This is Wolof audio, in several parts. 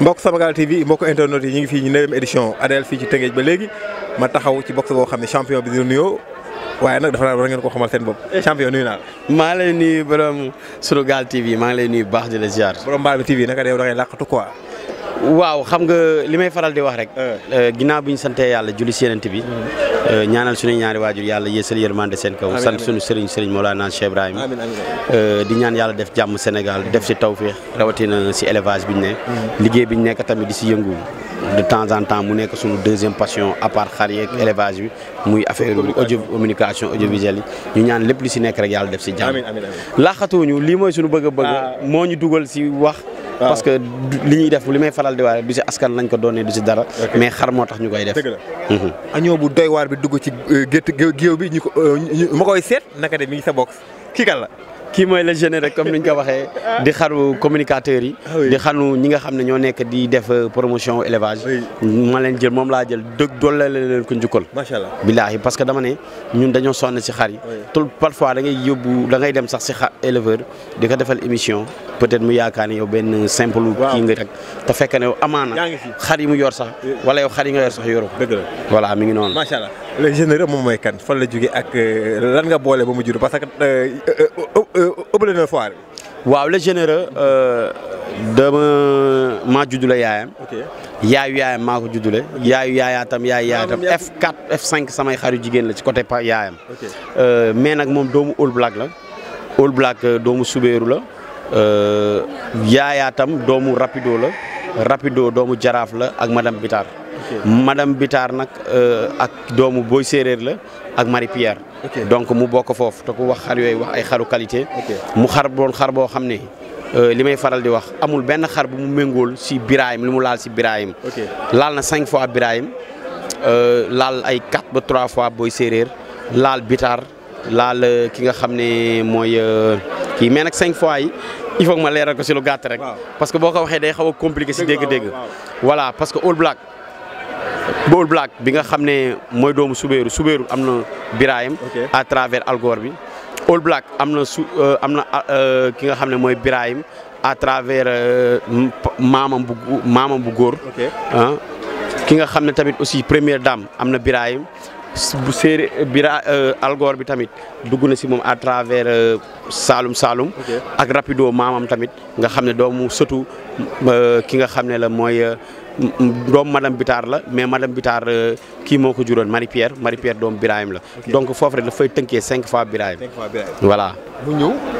mbokk Samagal TV mbokk internet yi ñu ngi fii ñu neuvième édition ADL fii ci Tëngéej ba léegi ma taxaw ci box boo xam ne champion bi di nuyoo waaye nag dafa naa war ngeen ko xamal seen bopp champion nuyu naa la. maa lay nuyu borom Sunugal TV maa ngi lay nuyu baax di la ziar. borom Mbalme TV naka yow da ngay làqatu quoi. waaw xam nga li may faral di wax rek. Eh. Eh, ginnaaw bi ñu santee yàlla julli si yenent bi. Hmm. Eh, ñaanal suñu ñaari waajur yàlla yéesal yërmande seen kaw. sant suñu sëriñ sëriñ Mawlana Cheikh Ibrahim. di ñaan yàlla def jàmm Sénégal def si tawféex rawatina si élevage bi ñu ne. Hmm. liggéey bi ñu nekk tamit di si yëngu. de temps en temps mu nekk suñu deuxième passion à part xar yeeg hmm. élevage bi muy affaire audio communication audiovisuelle yi ñu ñaan lépp lu si nekk rek yàlla def si jàmm. laaxatuñu parce que li ñuy def li may faral di waare du si askan lañ ko doonee du si dara mais xar moo tax ñu koy def añoo mhm. bu doy waar bi dugg ci euh, gétt géew bi ñu ko euh, moo koy seet naka de mi ngi sa bokk kii kan la kii mooy la jeune rek comme ni ñu ko waxee di xaru communicateurs yi ah di xanu ñi nga xam ne ñoo nekk di def euh, promotion élevage ma leen jël moom laa jël dëgg doole leen ko njukkal macha allah billaahi parce que dama ne ñun dañoo sonn si xar yi tul parfois da ngay yóbbu da ngay dem sax si xar éleveur di ko defal émission peut-être mu yaakaar ne yow benn simple. kii nga rek te fekk ne amaana. xar yi mu yor sax. wala yow xar yi nga yor sax yoru ko. dëgg la voilà mi ngi noonu. macha allah le généreux moom mooy kan fan la jugee ak euh, lan nga boole ba mu jur parce que euh, euh, ëppale na foire. waaw le généreux dama maa juddule yaayam. yaayu yaayam maa ko juddule. yaayu yaayaatam yaayu yaayaatam F4 F5 samay xaru jigéen la ci côté yaayam. mais nag moom doomu All Black la. All Black doomu Subeeru la. Euh, yaayaatam doomu rapido la rapido doomu jaraaf la ak madame Bitar madame bitaar nag euh, ak doomu Boy Séeréer la ak Marie Pierre donc mu bokk foofu te wax xar yooyu wax ay xaru qualité mu xar xar boo xam ne euh, li may faral di wax amul benn xar bu mu méngool si Birahim li mu laal si Birahim laal na cinq fois Birahim laal ay quatre ba trois fois Boy Séeréer laal Bitar laal ki nga xam ne mooy mais nag cinq fois yi il faut ma leeral ko si lu gàtt rek. parce que boo ko waxee day xaw a compliqué si dégg-dégg. voilà parce que All Black All Black bi nga xam ne mooy doomu Subeeru Subeeru am na Birahim. à travers Algor bi. All Black am na su euh, am na euh, euh, ki nga xam ne mooy Birahim à travers maamam bu maamam bu góor. Ah. ki nga xam ne tamit aussi première dame am na Birahim. bu séeré euh, bira euh, algoor bi tamit dugg na si moom à travers euh, Saalum Saalum. ak rapido maamam tamit nga xam ne doomu sëtu ki nga xam ne la mooy doom madame bitaar la mais madame Bitar kii moo ko juróon Marie Pierre Marie Pierre doom Birahim la. donc foofu rek fooy tënkee cinq fois Birahim. cinq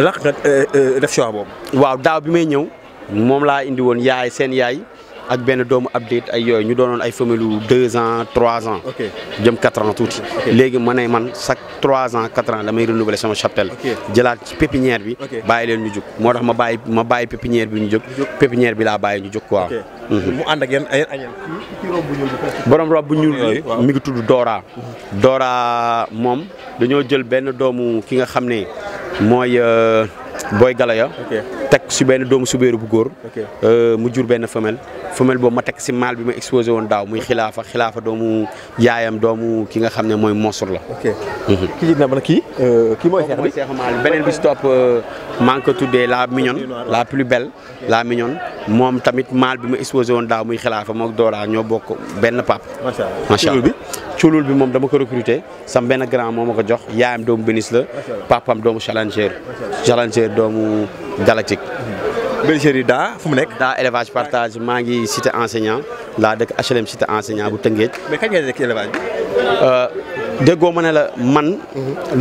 laq nga euh, euh, def boobu. waaw daaw bi may ñëw moom laa indi woon yaay seen yaay ak benn doomu update ay yooyu ñu doonoon ay famille yu deux ans trois ans. jëm quatre ans tuuti. léegi ma ne man chaque trois ans quatre ans damay renouveler sama cheptel. jëlaat ci pépinière bi. bàyyi leen ñu jóg moo tax ma bàyyi ma bàyyi pépinière bi ñu jóg. pépinière bi laa bàyyi ñu jóg ko mhm. mu ànd ak yéen ay añal. borom rob bu ñuul mi ngi tudd Dora. Mhm. Dora moom dañoo jël benn doomu ki nga xam ne. mooy euh, booy ya teg si benn doomu subéeru bu góor euh, mu jur benn femelle femelle boobu ma teg si maal bi ma exposé woon daaw muy xilaafa xilaafa doomu yaayam doomu ki nga xam ne mooy monsur la mhm. ki jig kii euh, kii mooy seex maal beneen bi si topp maa ngi tuddee la mignonne la plus belle la mignonne moom tamit maal bi ma exposé woon daaw muy xilaafa moo doolaa ñoo bokk benn pap macha culul bi moom dama ko recruter sam benn grand moom ma ko jox yaayam doomu Bénis la papam doomu Challenger Challenger doomu Galactique. Mhm. Béniseur yi daa fu mu nekk. daa élevage partage maa ngi cité enseignant laa dëkk HLM cité enseignant bu Tëngéej. mais kañ nga euh, ma ne la man.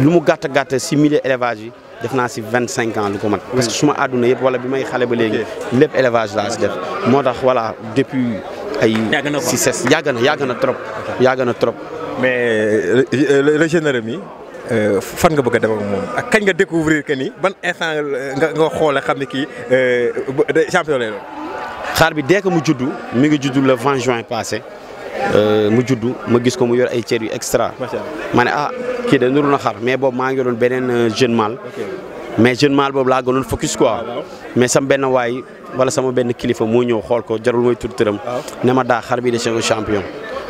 lu mu gàtt gàtt si mille élevage yi. def naa si vingt cinq ans lu ko mat. parce mhm. suma àdduna yëpp wala bi may xale ba léegi. lépp élevage laa si def. moo tax voilà depuis. ay si a yàgg na yàgg na trop yàgg trop mais euh, le généreux mi euh, fan nga bëgg a dem ak moom ak kañ nga découvrir que ni ban instant nga nga xoolee xam ne kii euh, champion lay doon xaar bi dès que mu juddu mi ngi juddu le 20 juin passé mu juddu ma gis ko mu yor ay cër yu extra mané ah ki de nuru na xar mais bob ma ngi doon benen jeune mal mais jeune mal bob la gënoon focus quoi ah, mais sam benn way wala sama benn kilifa mo ñëw xol ko jarul moy tur teuram ne ma daa xar bi de chef champion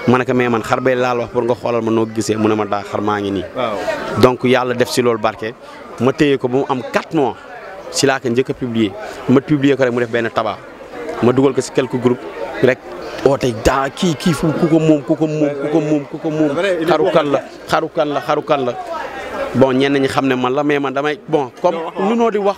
manaka me man xar bay laal wax pour nga xolal ma no gisee mu ne ma daa xar maa ngi nii donc yalla def ci lool barke ma téye ko bu am 4 mois ci la ka njëkk publier ma publier ko rek mu def benn tabac ma duggal ko ci quelques groupes rek oote oh, da ki ki fu ku ko moom ku ko mom ku ko moom ku ko moom xarukan la xarukan la xarukan la bon ñen ñi xamne man la mais man damay bon comme nuno di wax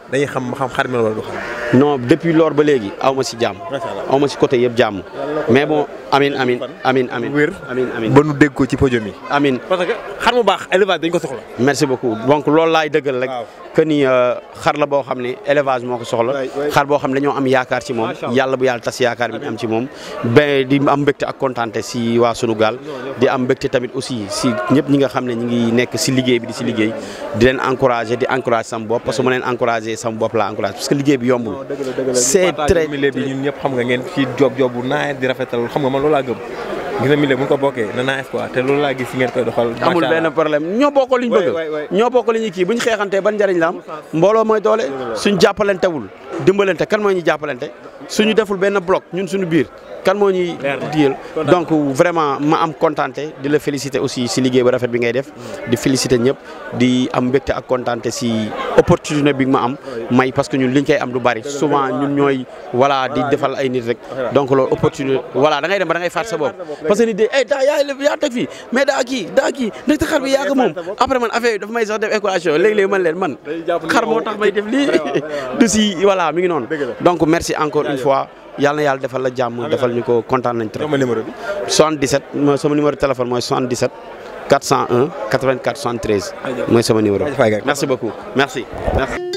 dañuy xam xam xar mi wala du xam. non depuis lors ba aw ma si ma si yëpp jàmm. mais bon amin amin amin amin wér amin amin ba ko ci podium yi. amin parce que xar mu baax élevage dañ ko soxla. merci beaucoup donc loolu laay dëggal rek. que ni euh, xar la boo xam ne élevage moo ko soxla. xar boo xam ne dañoo am yaakaar ci moom. yàlla bu yàlla tas yaakaar bi am ci moom. ba di am mbégte ak kontaante si waa sunu gaal. di am mbégte tamit aussi si ñëpp ñi nga xam ne ñu ngi nekk si liggéey bi di si liggéey. di leen encouragé di encouragé sama bopp parce que ma leen encouragé sama bopp laa encourage parce que liggéey bi yombul. c'est très milieu bi ñun ñëpp xam nga ngeen ci job job bu naaj di xam nga man loolu laa gëm. gis na milieu bu ñu ko bokkee na naaj quoi te loolu laa gis si ngeen koy doxal. amul benn problème ñoo bokkoo li bëgg. ñoo bokkoo li kii bu xeexantee ban njëriñ la mbooloo mooy doole suñ jàppalantewul dimbalante kan mooy ñu jàppalante suñu deful benn bloc ñun suñu biir kan moo ñuy diyal donc vraiment ma am contenté di la féliciter aussi si liggéey bu rafet bi ngay def di féliciter ñëpp di am mbégte ak contenté si opportunité bi ma am may parce que ñun liñ koy am du bari souvent ñun ñooy voilà di defal ay nit rek donc loolu opportunité voilà da ngay dem ba da ngay faat sa bopp parce que nit de ay daa yaa yaa mais daa kii daa kii ndax te xar bi yaa ko après man affaire yi dafa may sax def équation léegi-léegi man leen man xar moo tax may def lii du si voilà mi ngi noonu donc merci encore fois yàlla na yàlla defal la jàmm defal ñu ko kontaan nañ trop. 77 mooy sama numéro téléphone mooy 77 401 84 73. mooy sama moo merci beaucoup merci merci.